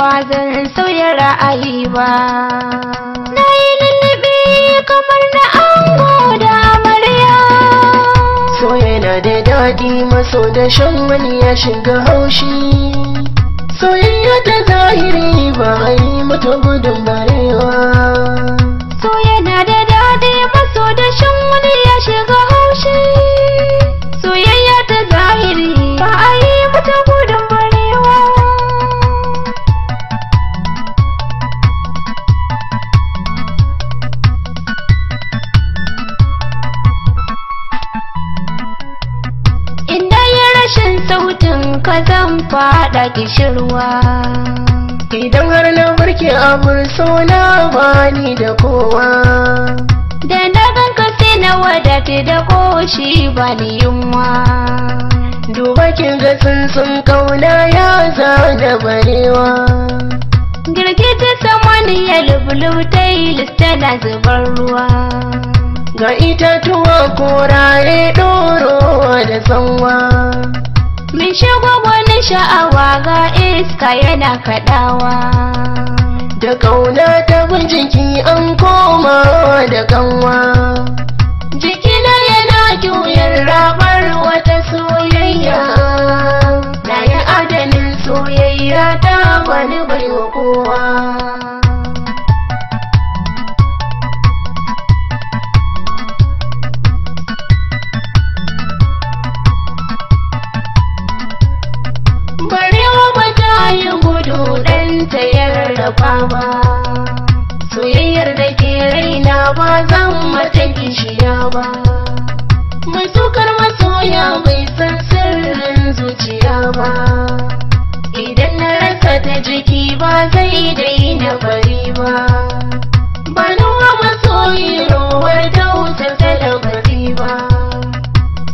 ba zan sauya ra'ayi ba na yi lullube kamar na ango da amarya so yana da daɗi maso da shan wani ya shiga haushi soyayya ta zahiri ba a yi mata gudun sautin ka zan fada kishirwa idan har na barke abun abin suna bani da kowa da na ka sai na wadata da koshi bani yunwa duba kin ga tsuntsun kauna ya za da barewa girki ta samaniyar bulutai tana zubar ruwa ga itatuwa korare doro da sanwa Mun na sha sha'awa ga iska yana kaɗawa. Da ƙauna ta bin jiki an koma da kanwa. na yana juyar raɓa. ta yarda kwaba soyayyar da ke raina ba zan mata kishiya ba mai sukar masoya bai san sirrin zuciya ba idan na rasa ta jiki ba zai daina bari ba ba nawa masoyi rowar dausa ta da bari ba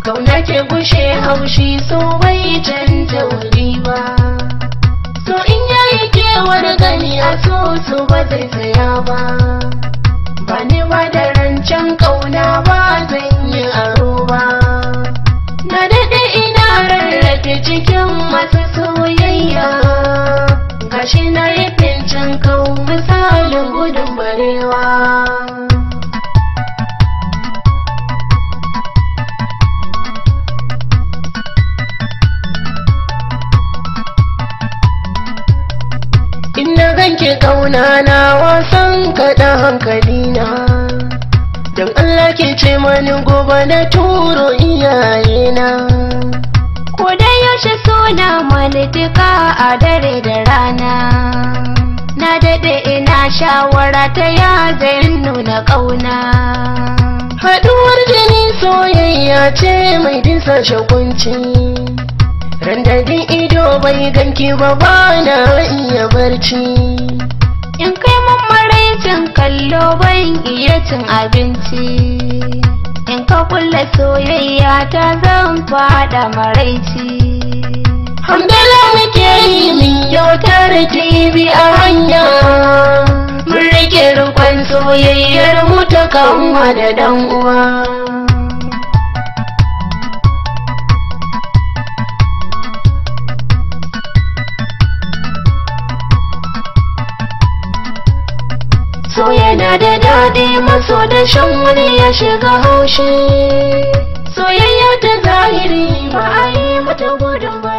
kauna ke gushe haushi so bai canja wani mutu ba zai tsaya ba ba ni ba da rancen kauna ba zan yi aro ba na daɗe ina rarrafe cikin masu soyayya gashi na yi fincin kau misalin gudun barewa ki kauna na wasan kaɗa hankali na don Allah ke ce mani gobe na turo iyaye na ko da yaushe suna malitika a dare da rana na daɗe ina shawara ta ya zai nuna ƙauna haɗuwar jini soyayya ce mai bisa shagunci Randadin ido bai ganki ba bana iya barci kallo ban iya cin abinci in ka kulle soyayya ta zan fada maraici hamdala muke yi min da jibi a hanya mun rike rikon soyayyar mu ta kanwa da dan uwa abu yana da daɗi maso da shan wani ya shiga haushi soyayya ta zahiri ba a yi mata gudun ba